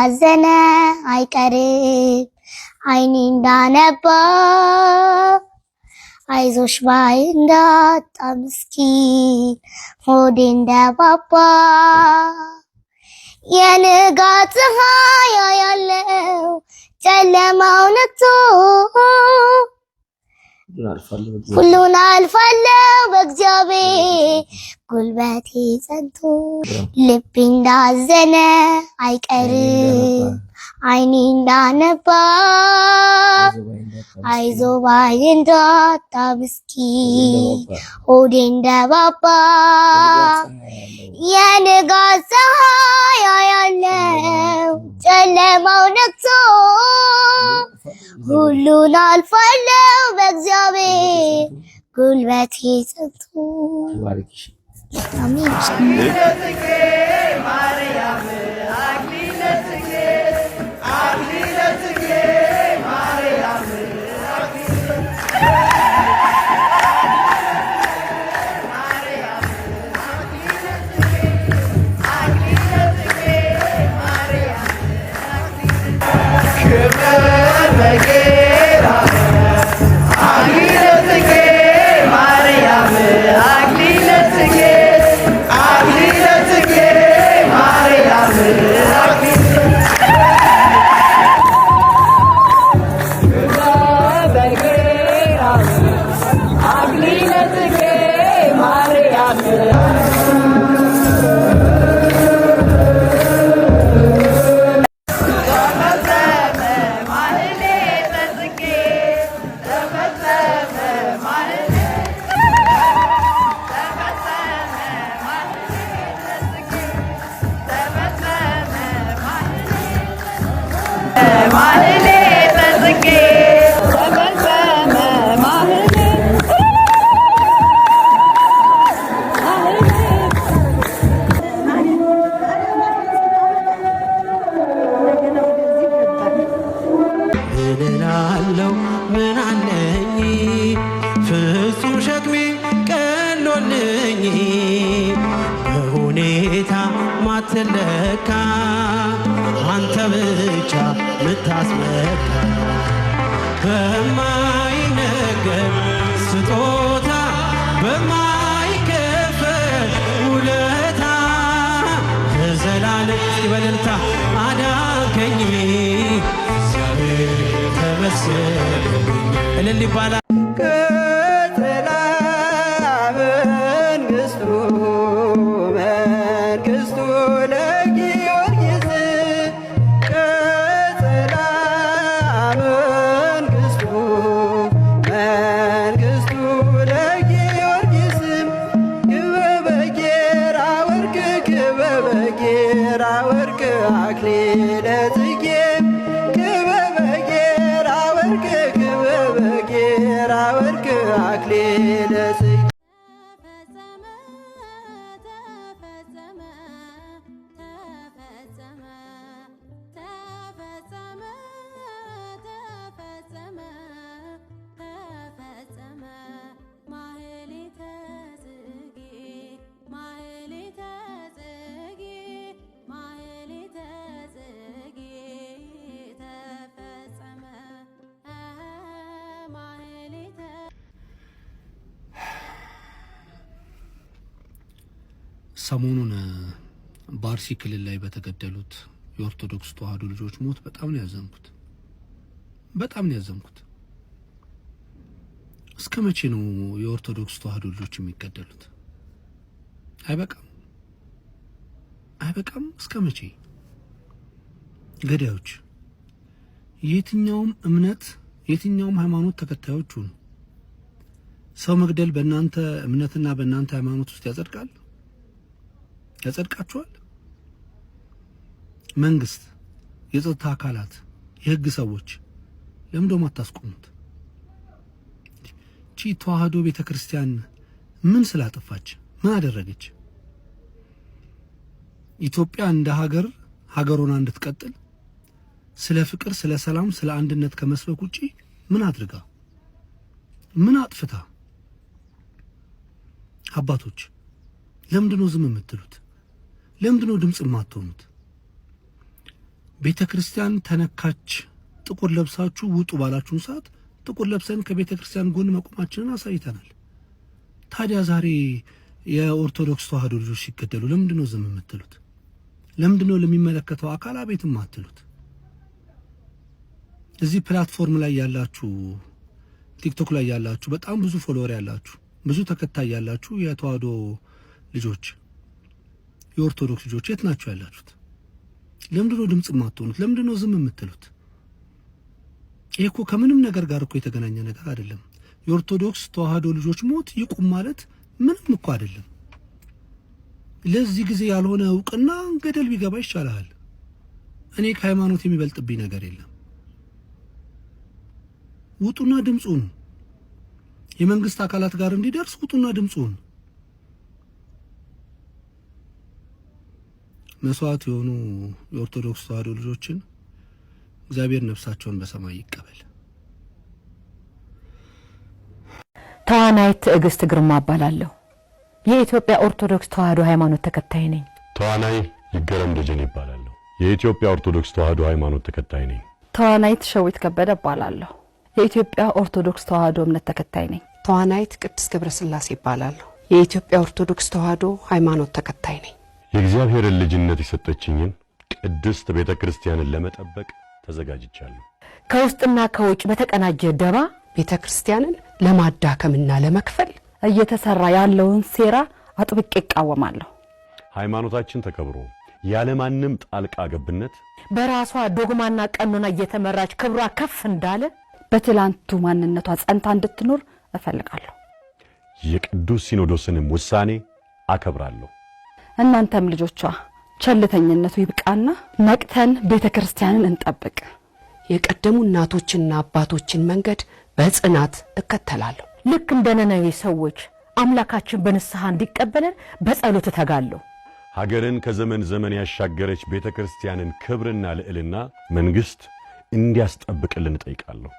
እንዳዘነ አይቀርም አይኔ እንዳነባ አይዞሽ ባይ እንዳጣ ምስኪን ሆዴ እንደባባ የንጋት ፀሐይ ያለው ጨለማው ነግቶ ሁሉን አልፋለሁ በእግዚአብሔር ጉልበቴ ጸንቶ፣ ልቤ እንዳዘነ አይቀርም፣ አይኔ እንዳነባ አይዞህ ባይ እንዳጣ ምስኪን ሆዴ እንደባባ የንጋት ፀሐይ ያያለው ጨለማው ነግሶ ሁሉን አልፋለሁ በእግዚአብሔር ጉልበት ጽንቱ። Yeah. Thank you. አለው ምን አለኝ ፍጹም ሸክሜ ቀሎልኝ በሁኔታ ማትለካ አንተ ብቻ ምታስመካ በማይነገር ስጦታ በማይከፈል ውለታ ለዘላለም በልልታ አዳንከኝ እልል ይባላል። ሰሞኑን በአርሲ ክልል ላይ በተገደሉት የኦርቶዶክስ ተዋህዶ ልጆች ሞት በጣም ነው ያዘንኩት። በጣም ነው ያዘንኩት። እስከ መቼ ነው የኦርቶዶክስ ተዋህዶ ልጆች የሚገደሉት? አይበቃም፣ አይበቃም። እስከ መቼ ገዳዮች፣ የትኛውም እምነት የትኛውም ሃይማኖት ተከታዮች ሁኑ፣ ሰው መግደል በእናንተ እምነትና በእናንተ ሃይማኖት ውስጥ ያጸድቃል? ያጸድቃችኋል። መንግስት፣ የጸጥታ አካላት፣ የህግ ሰዎች ለምን ደሞ አታስቆሙት? ቺ ተዋህዶ ቤተ ክርስቲያን ምን ስላጠፋች ምን አደረገች? ኢትዮጵያ እንደ ሀገር ሀገሩን እንድትቀጥል ስለ ፍቅር፣ ስለ ሰላም፣ ስለ አንድነት ከመስበክ ውጪ ምን አድርጋ ምን አጥፍታ? አባቶች ለምንድን ዝም የምትሉት? ለምንድነው ድምፅ የማትሆኑት? ቤተ ክርስቲያን ተነካች፣ ጥቁር ለብሳችሁ ውጡ ባላችሁን ሰዓት ጥቁር ለብሰን ከቤተ ክርስቲያን ጎን መቆማችንን አሳይተናል። ታዲያ ዛሬ የኦርቶዶክስ ተዋህዶ ልጆች ሲገደሉ ለምንድነው ዝም የምትሉት? ለምንድነው ለሚመለከተው አካል አቤትም አትሉት? እዚህ ፕላትፎርም ላይ ያላችሁ፣ ቲክቶክ ላይ ያላችሁ፣ በጣም ብዙ ፎሎወር ያላችሁ፣ ብዙ ተከታይ ያላችሁ የተዋህዶ ልጆች የኦርቶዶክስ ልጆች የት ናቸው ያላችሁት? ለምንድነው ድምፅ የማትሆኑት? ለምንድነው ዝም የምትሉት? ይሄ እኮ ከምንም ነገር ጋር እኮ የተገናኘ ነገር አይደለም። የኦርቶዶክስ ተዋህዶ ልጆች ሞት ይቁም ማለት ምንም እኮ አይደለም። ለዚህ ጊዜ ያልሆነ እውቅና ገደል ቢገባ ይቻላል። እኔ ከሃይማኖት የሚበልጥብኝ ነገር የለም። ውጡና ድምፁን የመንግስት አካላት ጋር እንዲደርስ ውጡና ድምፁን መስዋዕት የሆኑ የኦርቶዶክስ ተዋሕዶ ልጆችን እግዚአብሔር ነፍሳቸውን በሰማይ ይቀበል። ተዋናይት ትዕግስት ግርማ እባላለሁ። የኢትዮጵያ ኦርቶዶክስ ተዋህዶ ሃይማኖት ተከታይ ነኝ። ተዋናይ ይገረም ደጀኔ ይባላለሁ። የኢትዮጵያ ኦርቶዶክስ ተዋህዶ ሃይማኖት ተከታይ ነኝ። ተዋናይት ሸዊት ከበደ እባላለሁ። የኢትዮጵያ ኦርቶዶክስ ተዋህዶ እምነት ተከታይ ነኝ። ተዋናይት ቅድስት ገብረስላሴ ይባላለሁ። የኢትዮጵያ ኦርቶዶክስ ተዋህዶ ሃይማኖት ተከታይ ነኝ። የእግዚአብሔርን ልጅነት የሰጠችኝን ቅድስት ቤተ ክርስቲያንን ለመጠበቅ ተዘጋጅቻለሁ። ከውስጥና ከውጭ በተቀናጀ ደባ ቤተ ክርስቲያንን ለማዳከምና ለመክፈል እየተሰራ ያለውን ሴራ አጥብቄ ይቃወማለሁ። ሃይማኖታችን ተከብሮ ያለማንም ጣልቃ ገብነት በራሷ ዶግማና ቀኖና እየተመራች ክብሯ ከፍ እንዳለ በትላንቱ ማንነቷ ጸንታ እንድትኖር እፈልጋለሁ። የቅዱስ ሲኖዶስንም ውሳኔ አከብራለሁ። እናንተም ልጆቿ ቸልተኝነቱ ይብቃና ነቅተን ቤተ ክርስቲያንን እንጠብቅ። የቀደሙ እናቶችና አባቶችን መንገድ በጽናት እከተላለሁ። ልክ እንደ ነነዌ ሰዎች አምላካችን በንስሐ እንዲቀበለን በጸሎት እተጋለሁ። ሀገርን ከዘመን ዘመን ያሻገረች ቤተ ክርስቲያንን ክብርና ልዕልና መንግሥት እንዲያስጠብቅልን እጠይቃለሁ።